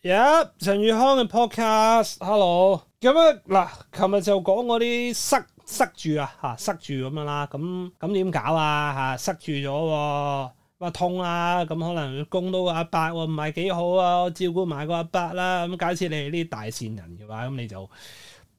一、yeah, 陳宇康嘅 podcast，hello，咁啊嗱，琴日就講嗰啲塞塞住啊，嚇塞住咁樣啦、啊，咁咁點搞啊嚇？塞住咗、欸，話通啊，咁可能供到個阿伯喎，唔係幾好啊，我照顧埋個阿伯啦。咁假設你係啲大善人嘅話，咁你就～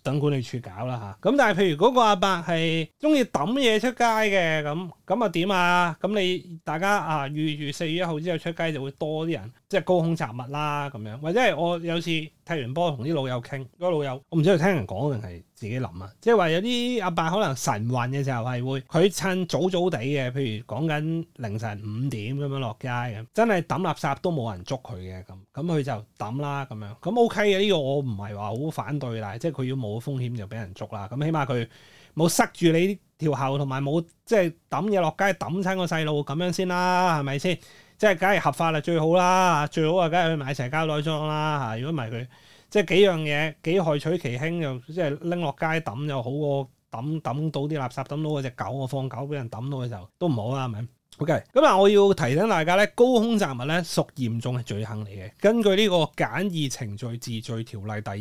等管理處搞啦吓，咁但係譬如嗰個阿伯係中意抌嘢出街嘅，咁咁啊點啊？咁你大家啊，預住四月一號之後出街就會多啲人，即係高空雜物啦咁樣，或者係我有次。踢完波同啲老友傾，個老友我唔知佢聽人講定係自己諗啊，即係話有啲阿伯可能晨運嘅時候係會，佢趁早早地嘅，譬如講緊凌晨五點咁樣落街咁，真係抌垃圾都冇人捉佢嘅咁，咁佢就抌啦咁樣，咁 OK 嘅呢個我唔係話好反對啦，即係佢要冇風險就俾人捉啦，咁起碼佢冇塞住你條喉同埋冇即係抌嘢落街抌親個細路咁樣先啦，係咪先？即係梗係合法啦，最好啦，最好啊梗係去買齊膠袋裝啦嚇。如果唔係佢，即係幾樣嘢幾害取其輕，又即係拎落街抌又好過抌抌到啲垃圾，抌到嗰隻狗，我放狗俾人抌到嘅時候都唔好啦，係咪？OK。咁啊，我要提醒大家咧，高空雜物咧屬嚴重嘅罪行嚟嘅。根據呢個簡易程序治罪條例第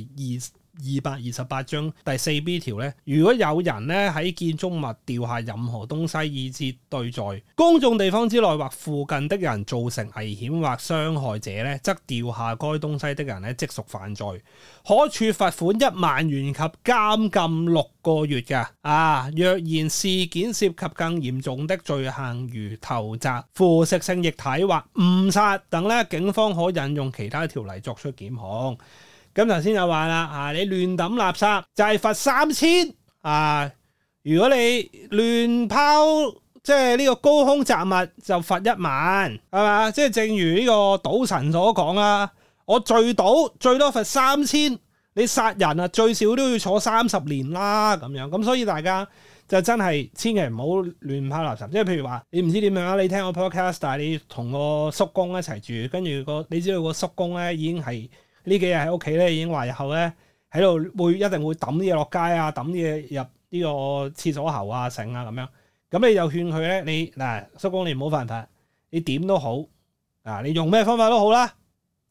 二二百二十八章第四 B 條呢，如果有人呢喺建築物掉下任何東西，以致對在公眾地方之內或附近的人造成危險或傷害者呢，則掉下該東西的人呢即屬犯罪，可處罰款一萬元及監禁六個月嘅。啊，若然事件涉及更嚴重的罪行如投擲腐蝕性液體或誤殺等呢，警方可引用其他條例作出檢控。咁頭先就話啦，嚇、啊、你亂抌垃圾就係、是、罰三千，啊！如果你亂拋即係呢個高空雜物就罰一萬，係嘛？即、就、係、是、正如呢個賭神所講啊，我聚賭最多罰三千，你殺人啊最少都要坐三十年啦咁樣。咁所以大家就真係千祈唔好亂拋垃圾。即、就、係、是、譬如話，你唔知點樣啦，你聽我 podcast，但係你同個叔公一齊住，跟住個你知道個叔公咧已經係。呢幾日喺屋企咧，已經話日後咧喺度會一定會抌啲嘢落街啊，抌啲嘢入呢個廁所喉啊、繩啊咁樣。咁你就勸佢咧，你嗱，叔公，你唔好犯法，你點都好啊，你用咩方法都好啦，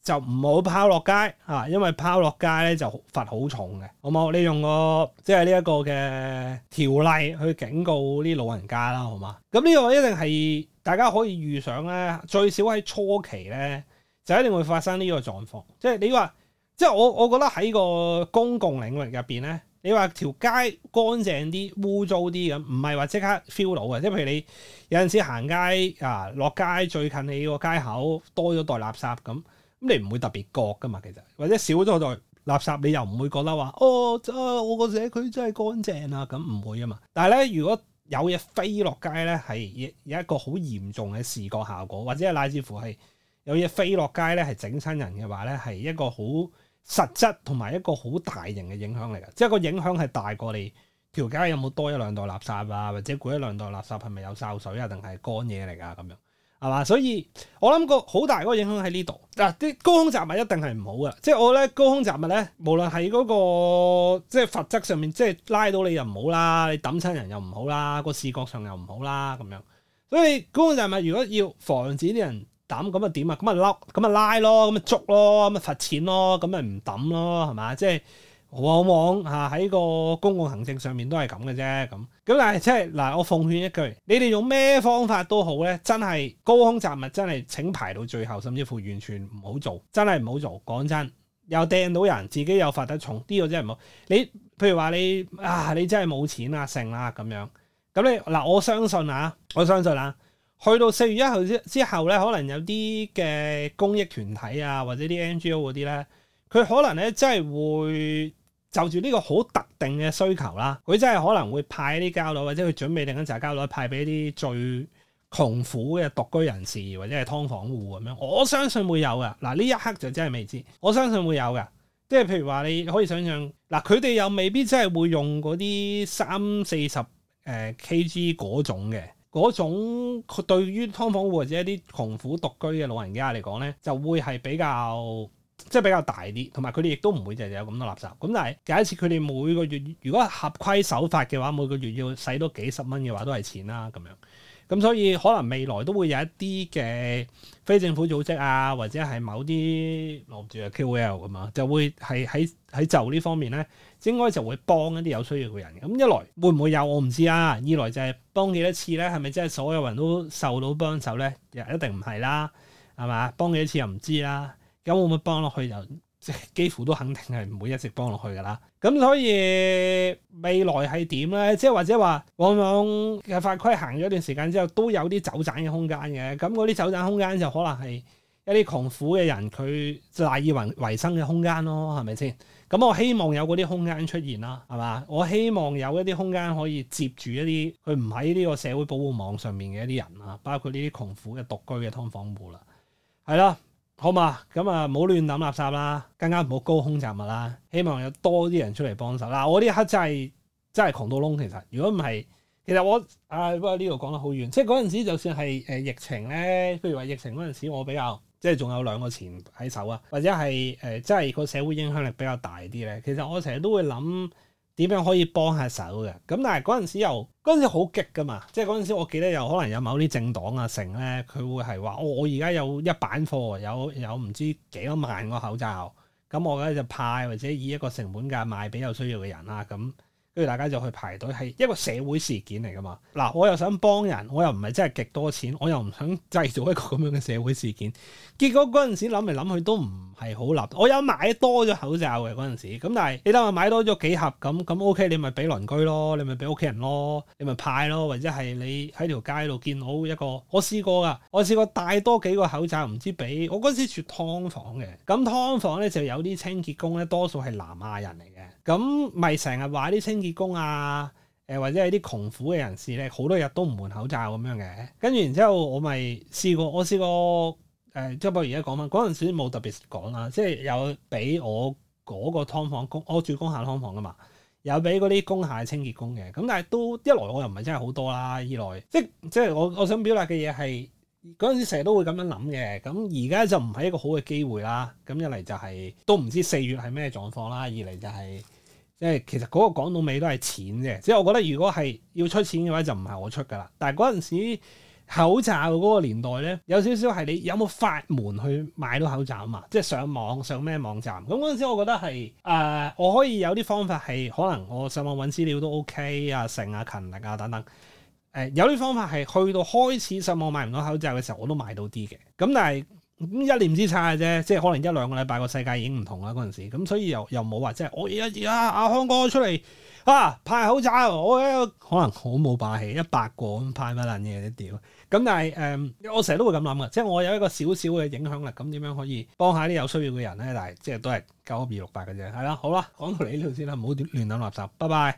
就唔好拋落街嚇、啊，因為拋落街咧就罰好重嘅，好冇？你用個即係呢一個嘅條例去警告啲老人家啦，好嘛？咁呢個一定係大家可以預想咧，最少喺初期咧。就一定會發生呢個狀況，即係你話，即係我，我覺得喺個公共領域入邊咧，你話條街乾淨啲、污糟啲咁，唔係話即刻 feel 到嘅，即係譬如你有陣時行街啊，落街最近你個街口多咗袋垃圾咁，咁你唔會特別覺噶嘛，其實或者少咗袋垃圾，你又唔會覺得話哦，我個社區真係乾淨啊，咁唔會啊嘛。但係咧，如果有嘢飛落街咧，係有一個好嚴重嘅視覺效果，或者係乃至乎係。有嘢飛落街咧，係整親人嘅話咧，係一個好實質同埋一個好大型嘅影響嚟㗎。即係個影響係大過你條街有冇多一兩袋垃圾啊，或者攰一兩袋垃圾係咪有潲水啊，定係乾嘢嚟㗎咁樣，係嘛？所以我諗個好大嗰個影響喺呢度。嗱、啊，啲高空雜物一定係唔好噶。即係我咧高空雜物咧，無論係嗰、嗰個即係罰則上面，即係拉到你又唔好啦，你揼親人又唔好啦，個視覺上又唔好啦咁樣。所以高空雜物如果要防止啲人。抌咁啊點啊咁啊笠，咁啊拉咯，咁咪捉咯，咁咪罰錢咯，咁咪唔抌咯，係嘛？即係往往嚇喺個公共行政上面都係咁嘅啫咁。咁但係即係嗱，我奉勸一句，你哋用咩方法都好咧，真係高空雜物真係請排到最後，甚至乎完全唔好做，真係唔好做。講真，又掟到人，自己又罰得重，啲、這個真係唔好，你譬如話你啊，你真係冇錢啦剩啦咁樣，咁你嗱我相信啊，我相信啦、啊。去到四月一號之之後咧，可能有啲嘅公益團體啊，或者啲 NGO 嗰啲咧，佢可能咧真係會就住呢個好特定嘅需求啦，佢真係可能會派啲膠袋，或者佢準備定緊紮膠袋派俾啲最窮苦嘅獨居人士或者係劏房戶咁樣。我相信會有㗎，嗱呢一刻就真係未知。我相信會有㗎，即係譬如話你可以想象，嗱佢哋又未必真係會用嗰啲三四十誒 kg 嗰種嘅。嗰種佢對於劏房戶或者一啲窮苦獨居嘅老人家嚟講呢，就會係比較，即係比較大啲，同埋佢哋亦都唔會日日有咁多垃圾。咁但係假設佢哋每個月如果合規守法嘅話，每個月要使多幾十蚊嘅話，都係錢啦、啊、咁樣。咁所以可能未來都會有一啲嘅非政府組織啊，或者係某啲攞住嘅 KOL 咁啊，就會係喺喺就呢方面咧，應該就會幫一啲有需要嘅人的。咁一來會唔會有我唔知啊，二來就係幫幾多次咧，係咪真係所有人都受到幫手咧？又一定唔係啦，係嘛？幫幾次又唔知啦、啊，咁會唔會幫落去就？幾乎都肯定係唔會一直幫落去噶啦，咁所以未來係點咧？即係或者話往往嘅法規行咗一段時間之後，都有啲走盞嘅空間嘅。咁嗰啲走盞空間就可能係一啲窮苦嘅人佢就賴以維生嘅空間咯，係咪先？咁我希望有嗰啲空間出現啦，係嘛？我希望有一啲空間可以接住一啲佢唔喺呢個社會保護網上面嘅一啲人啊，包括呢啲窮苦嘅獨居嘅劏房戶啦，係啦。好嘛，咁啊，唔好亂諗垃圾啦，更加唔好高空雜物啦。希望有多啲人出嚟幫手啦，我呢一刻 wirklich, 真係真係窮到窿，其實如果唔係，其實我啊不過呢度講得好遠，即係嗰陣時就算係誒疫情咧，譬如話疫情嗰陣時，我比較即係仲有兩個錢喺手啊，或者係誒即係個社會影響力比較大啲咧，其實我成日都會諗。點樣可以幫下手嘅？咁但係嗰陣時又嗰陣時好激噶嘛，即係嗰陣時我記得有可能有某啲政黨啊成咧，佢會係話、哦、我我而家有一版貨，有有唔知幾多萬個口罩，咁我咧就派或者以一個成本價賣俾有需要嘅人啦咁。嗯跟住大家就去排隊，係一個社會事件嚟噶嘛。嗱，我又想幫人，我又唔係真係極多錢，我又唔想製造一個咁樣嘅社會事件。結果嗰陣時諗嚟諗去都唔係好立。我有買多咗口罩嘅嗰陣時，咁但係你等我買多咗幾盒咁咁、嗯、OK，你咪俾鄰居咯，你咪俾屋企人咯，你咪派咯，或者係你喺條街度見到一個，我試過噶，我試過帶多幾個口罩，唔知俾我嗰時住劏房嘅，咁劏房咧就有啲清潔工咧，多數係南亞人嚟嘅。咁咪成日話啲清潔工啊，誒或者係啲窮苦嘅人士咧，好多日都唔換口罩咁樣嘅。跟住然之後，我咪試過，我試過誒即不如而家講翻嗰陣時冇特別講啦，即係有俾我嗰個劏房工，我住工廈劏房噶嘛，有俾嗰啲工廈清潔工嘅。咁但係都一來我又唔係真係好多啦，二來即即係我我想表達嘅嘢係嗰陣時成日都會咁樣諗嘅。咁而家就唔係一個好嘅機會啦。咁一嚟就係、是、都唔知四月係咩狀況啦。二嚟就係、是。即係其實嗰個講到尾都係錢嘅，即係我覺得如果係要出錢嘅話，就唔係我出噶啦。但係嗰陣時口罩嗰個年代咧，有少少係你有冇法門去買到口罩嘛？即係上網上咩網站？咁嗰陣時我覺得係誒、呃，我可以有啲方法係可能我上網揾資料都 OK 啊，成啊勤力啊等等。誒、呃、有啲方法係去到開始上網買唔到口罩嘅時候，我都買到啲嘅。咁但係。咁一念之差嘅啫，即係可能一兩個禮拜個世界已經唔同啦。嗰陣時，咁所以又又冇話即係我、哎、呀呀阿、啊、康哥出嚟啊派口罩、哎嗯，我可能好冇霸氣，一百個咁派乜撚嘢你屌。咁但係誒，我成日都會咁諗噶，即係我有一個少少嘅影響力，咁點樣可以幫下啲有需要嘅人咧？但係即係都係九二六八嘅啫。係啦，好啦，講到你度先啦，唔好亂諗垃圾，拜拜。